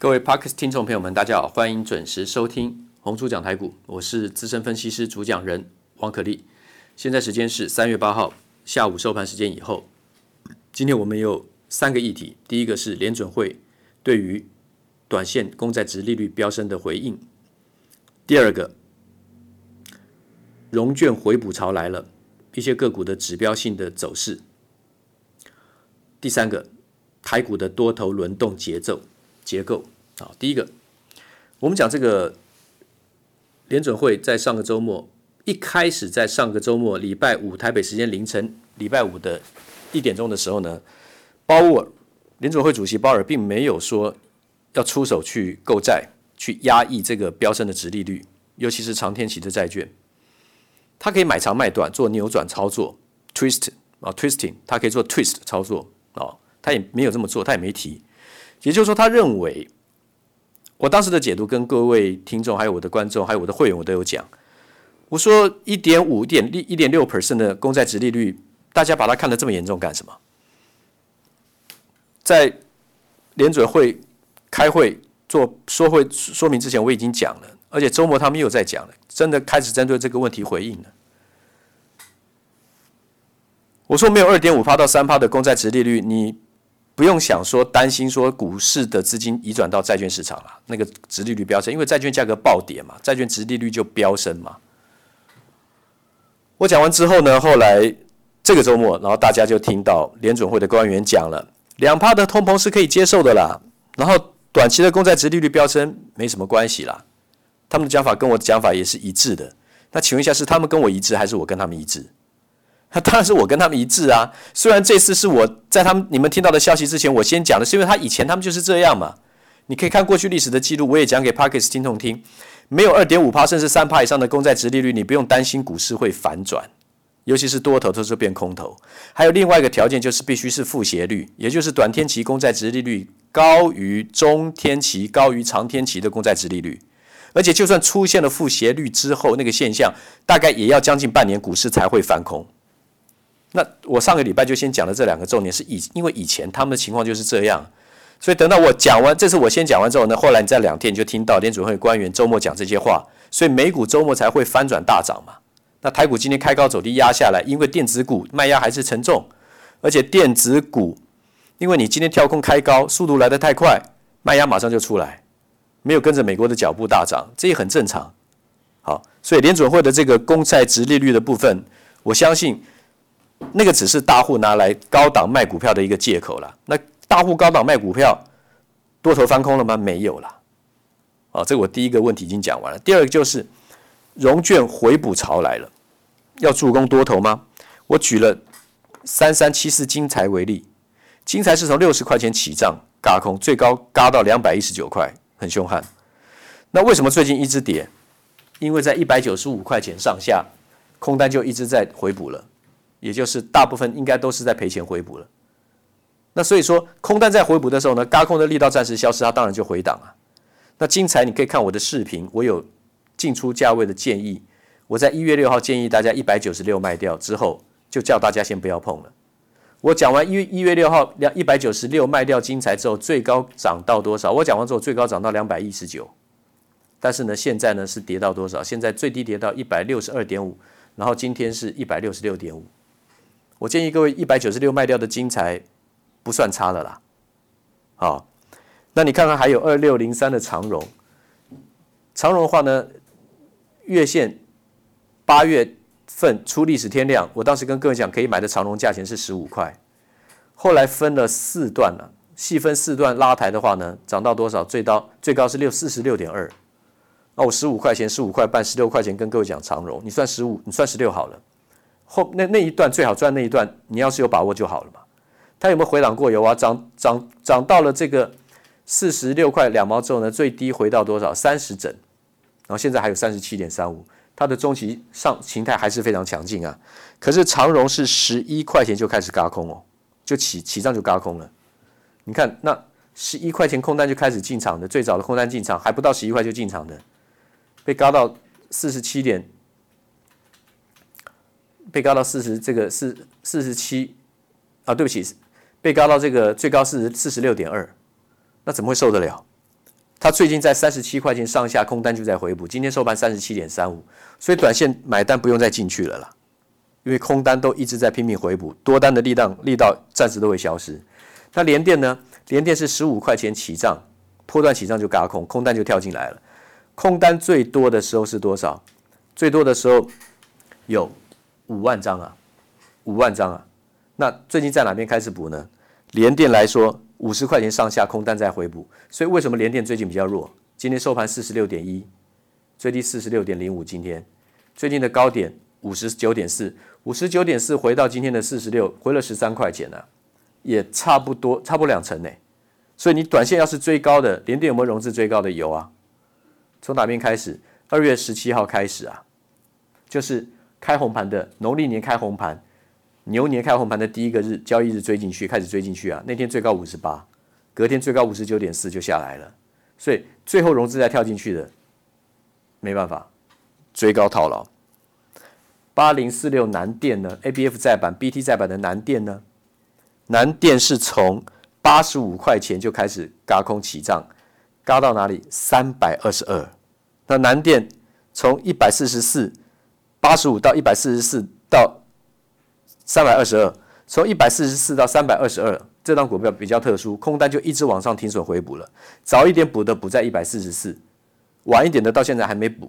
各位 p a r k e s 聽眾朋友們，大家好，歡迎準時收聽紅豬講台股，我是資深分析師主講人王可立。現在時間是三月八號下午收盤時間以後。今天我們有三個議題：第一個是聯準會對於短線公債殖利率飆升的回應；第二個，融券回補潮來了，一些個股的指標性的走勢；第三個，台股的多頭輪動節奏。結構啊，第一個，我們講這個聯準會在上個周末一開始，在上個周末禮拜五台北時間凌晨禮拜五的一點鐘的時候呢，鮑爾，聯準會主席鮑爾並沒有說要出手去購債，去壓抑這個飆升的殖利率，尤其是長天期的債券，他可以買長賣短做扭轉操作，twist 啊、哦，twisting，他可以做 twist 操作啊、哦，他也沒有這麼做，他也沒提。也就是說，他認為我當時的解讀跟各位聽眾、還有我的觀眾、還有我的會員，我都有講。我說 1. 5, 1.，一點五、一點一、點六 percent 的公債殖利率，大家把它看得這麼嚴重幹什麼？在聯準會開會做說會說明之前，我已經講了，而且周末他們又在講了，真的開始針對這個問題回應了。我說，沒有二點五趴到三趴的公債殖利率，你。不用想說，擔心說股市的資金移轉到債券市場了，那個殖利率飆升，因為債券價格暴跌嘛，債券殖利率就飆升嘛。我講完之後呢，後來這個週末，然後大家就聽到聯準會的官員講了，兩趴的通膨是可以接受的啦，然後短期的公債殖利率飆升沒什麼關係啦，他們的講法跟我的講法也是一致的。那請問一下，是他們跟我一致，還是我跟他們一致？那當然是我跟他們一致啊！雖然這次是我在他們你們聽到的消息之前，我先講的，是因為他以前他們就是這樣嘛。你可以看過去歷史的記錄，我也講給 Podcast 聽眾聽。沒有二點五帕甚至三帕以上的公債殖利率，你不用擔心股市會反轉，尤其是多頭都是變空頭。還有另外一個條件就是必須是負斜率，也就是短天期公債殖利率高於中天期，高於長天期的公債殖利率。而且就算出現了負斜率之後，那個現象大概也要將近半年股市才會反空。那我上個禮拜就先講了這兩個重點，是以因為以前他們的情況就是這樣，所以等到我講完，這次我先講完之後呢，後來你在兩天你就聽到聯準會官員周末講這些話，所以美股周末才會翻轉大漲嘛。那台股今天開高走低壓下來，因為電子股賣壓還是沉重，而且電子股因為你今天跳空開高，速度來得太快，賣壓馬上就出來，沒有跟着美國的腳步大漲，這也很正常。好，所以聯準會的這個公債殖利率的部分，我相信。那個只是大戶拿來高檔賣股票的一個借口了。那大戶高檔賣股票，多頭翻空了嗎？沒有了。啊、哦，這我第一個問題已經講完了。第二個就是融券回補潮來了，要助攻多頭嗎？我舉了三三七四精材為例，精材是從六十塊錢起漲嘎空，最高嘎到兩百一十九塊，很凶悍。那為什麼最近一直跌？因為在一百九十五塊錢上下，空單就一直在回補了。也就是大部分應該都是在賠錢回補了，那所以說空單在回補的時候呢，軋空的力道暫時消失，它當然就回檔了、啊。那精材你可以看我的視頻，我有進出價位的建議。我在一月六號建議大家一百九十六賣掉之後，就叫大家先不要碰了。我講完一月一月六號兩一百九十六賣掉精材之後，最高漲到多少？我講完之後最高漲到兩百一十九，但是呢現在呢是跌到多少？現在最低跌到一百六十二點五，然後今天是一百六十六點五。我建議各位，一百九十六賣掉的精材不算差了啦。好，那你看看還有二六零三的長榮。長榮的話呢，月線八月份出歷史天量，我當時跟各位講可以買的長榮價錢是十五塊，後來分了四段了、啊，細分四段拉抬的話呢，漲到多少？最高最高是六四十六點二。那我十五塊錢、十五塊半、十六塊錢跟各位講長榮你算十五，你算十六好了。後那那一段最好賺那一段，你要是有把握就好了嘛。它有沒有回檔過油啊？漲漲漲到了這個四十六塊兩毛之後呢，最低回到多少？三十整。然後現在還有三十七點三五，它的中期上形態還是非常強勁啊。可是長榮是十一塊錢就開始軋空哦，就起起漲就軋空了。你看那十一塊錢空單就開始進場的，最早的空單進場還不到十一塊就進場的，被軋到四十七點。被高到四十，這個四四十七啊，對不起，被高到這個最高四十四十六點二，那怎麼會受得了？他最近在三十七塊錢上下空單就在回補，今天收盤三十七點三五，所以短線買單不用再進去了啦，因為空單都一直在拼命回補，多單的力量力道暫時都會消失。那聯電呢？聯電是十五塊錢起漲，波段起漲就嘎空，空單就跳進來了。空單最多的時候是多少？最多的時候有。五萬張啊，五萬張啊，那最近在哪邊開始補呢？聯電來說，五十塊錢上下空單在回補，所以為什麼聯電最近比較弱？今天收盤四十六點一，最低四十六點零五，今天最近的高點五十九點四，五十九點四回到今天的四十六，回了十三塊錢呢、啊，也差不多，差不多兩成呢、欸。所以你短線要是追高的，聯電有沒有融資？追高的有啊。從哪邊開始？二月十七號開始啊，就是。開紅盤的農曆年開紅盤，牛年開紅盤的第一個日交易日追進去，開始追進去啊！那天最高五十八，隔天最高五十九點四就下來了，所以最後融資再跳進去的，沒辦法，追高套牢。八零四六南電呢？A B F 載板，B T 載板的南電呢？南電是從八十五塊錢就開始嘎空起漲，嘎到哪裡？三百二十二。那南電從一百四十四。八十五到一百四十四到三百二十二，從一百四十四到三百二十二，這張股票比較特殊，空單就一直往上停損回補了。早一點補的補在一百四十四，晚一點的到現在還沒補。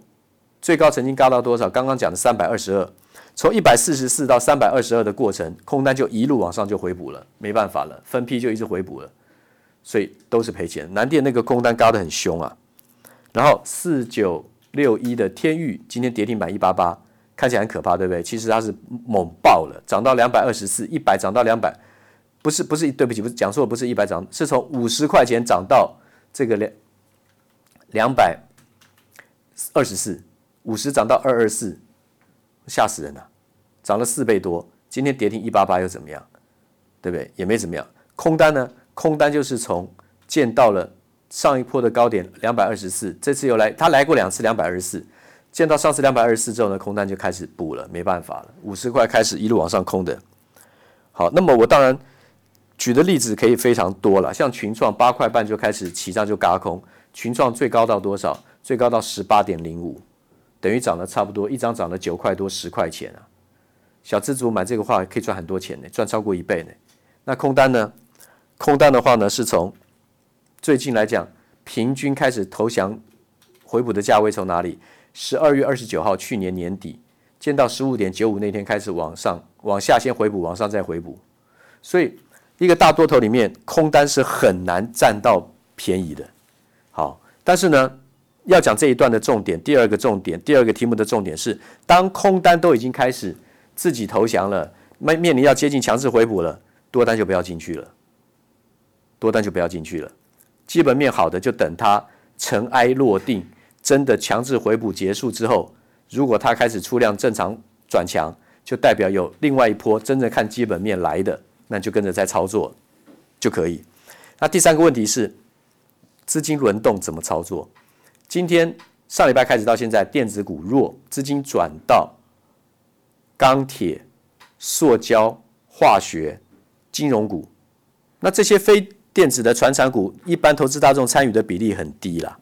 最高曾經嘎到多少？剛剛講的三百二十二，從一百四十四到三百二十二的過程，空單就一路往上就回補了，沒辦法了，分批就一直回補了，所以都是賠錢。南電那個空單嘎得很兇啊。然後四九六一的天鈺今天跌停板一八八。看起來很可怕，對不對？其實它是猛爆了，漲到兩百二十四，一百漲到兩百，不是不是，對不起，不是講錯，不是一百漲，是從五十塊錢漲到這個兩兩百二十四，五十漲到二二四，嚇死人了，漲了四倍多。今天跌停一八八又怎麼樣，對不對？也沒怎麼樣。空單呢？空單就是從見到了上一波的高點兩百二十四，224，這次又來，它來過兩次兩百二十四。224。見到上次兩百二十四之後呢，空單就開始補了，沒辦法了，五十塊開始一路往上空的。好，那麼我當然舉的例子可以非常多了，像群創八塊半就開始起漲就嘎空，群創最高到多少？最高到十八點零五，等於漲了差不多一張，漲了九塊多十塊錢啊。小資族買這個話可以賺很多錢呢，賺超過一倍呢。那空單呢？空單的話呢，是從最近來講平均開始投降回補的價位從哪裡？十二月二十九號，去年年底見到十五點九五那天開始往上、往下先回補，往上再回補。所以一個大多頭裡面，空單是很難占到便宜的。好，但是呢，要講這一段的重點，第二個重點，第二個題目的重點是，當空單都已經開始自己投降了，面面臨要接近強制回補了，多單就不要進去了。多單就不要進去了，基本面好的就等它塵埃落定。真的強制回補結束之後，如果它開始出量正常轉強，就代表有另外一波真正看基本面來的，那就跟着在操作就可以。那第三個問題是資金輪動怎麼操作？今天上禮拜開始到現在，電子股弱，資金轉到鋼鐵、塑膠、化學、金融股，那這些非電子的傳產股，一般投資大眾參與的比例很低啦。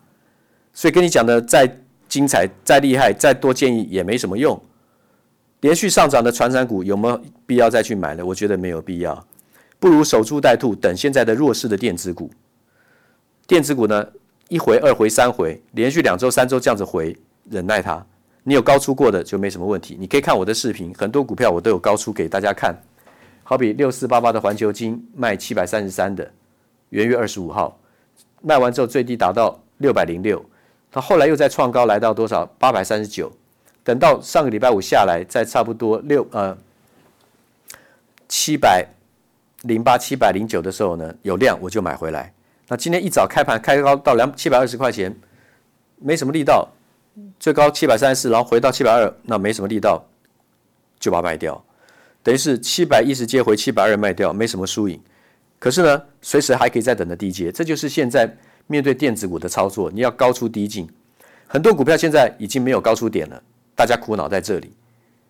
所以跟你講的再精彩、再厲害、再多建議也沒什麼用。連續上漲的傳產股有沒有必要再去買了？我覺得沒有必要，不如守株待兔，等現在的弱勢的電子股。電子股呢，一回、二回、三回，連續兩周、三周這樣子回，忍耐它。你有高出過的就沒什麼問題。你可以看我的視頻，很多股票我都有高出給大家看。好比六四八八的環球晶賣七百三十三的，元月二十五號賣完之後，最低達到六百零六。他後來又再創高來到多少？八百三十九。等到上個禮拜五下來，在差不多六呃七百零八、七百零九的時候呢，有量我就買回來。那今天一早開盤開高到兩七百二十塊錢，沒什麼力道，最高七百三十四，然後回到七百二，那沒什麼力道，就把它賣掉。等於是七百一十接回七百二賣掉，沒什麼輸贏。可是呢，隨時還可以再等的低接，這就是現在面對電子股的操作，你要高出低進。很多股票現在已經沒有高出點了，大家苦惱在這裡。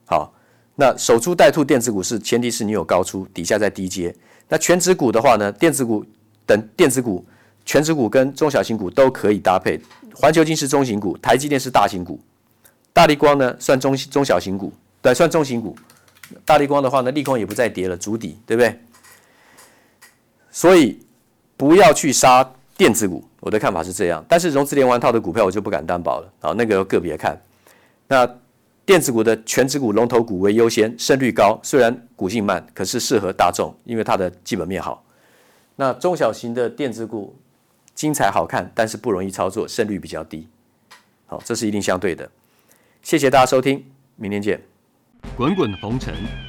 好，那守株待兔電子股是前提是你有高出，底下在低接。那權值股的話呢，電子股等電子股，權值股跟中小型股都可以搭配。環球晶是中型股，台積電是大型股，大立光呢算中中小型股，對，算中型股。大立光的話呢，利空也不再跌了，築底，對不對？所以不要去殺電子股，我的看法是這樣。但是融資連環套的股票我就不敢擔保了啊，那個要個別看。那電子股的權值股、龍頭股為優先，勝率高，雖然股性慢，可是適合大眾，因為它的基本面好。那中小型的電子股精彩好看，但是不容易操作，勝率比較低。好，這是一定相對的。謝謝大家收聽，明天見。滾滾紅塵。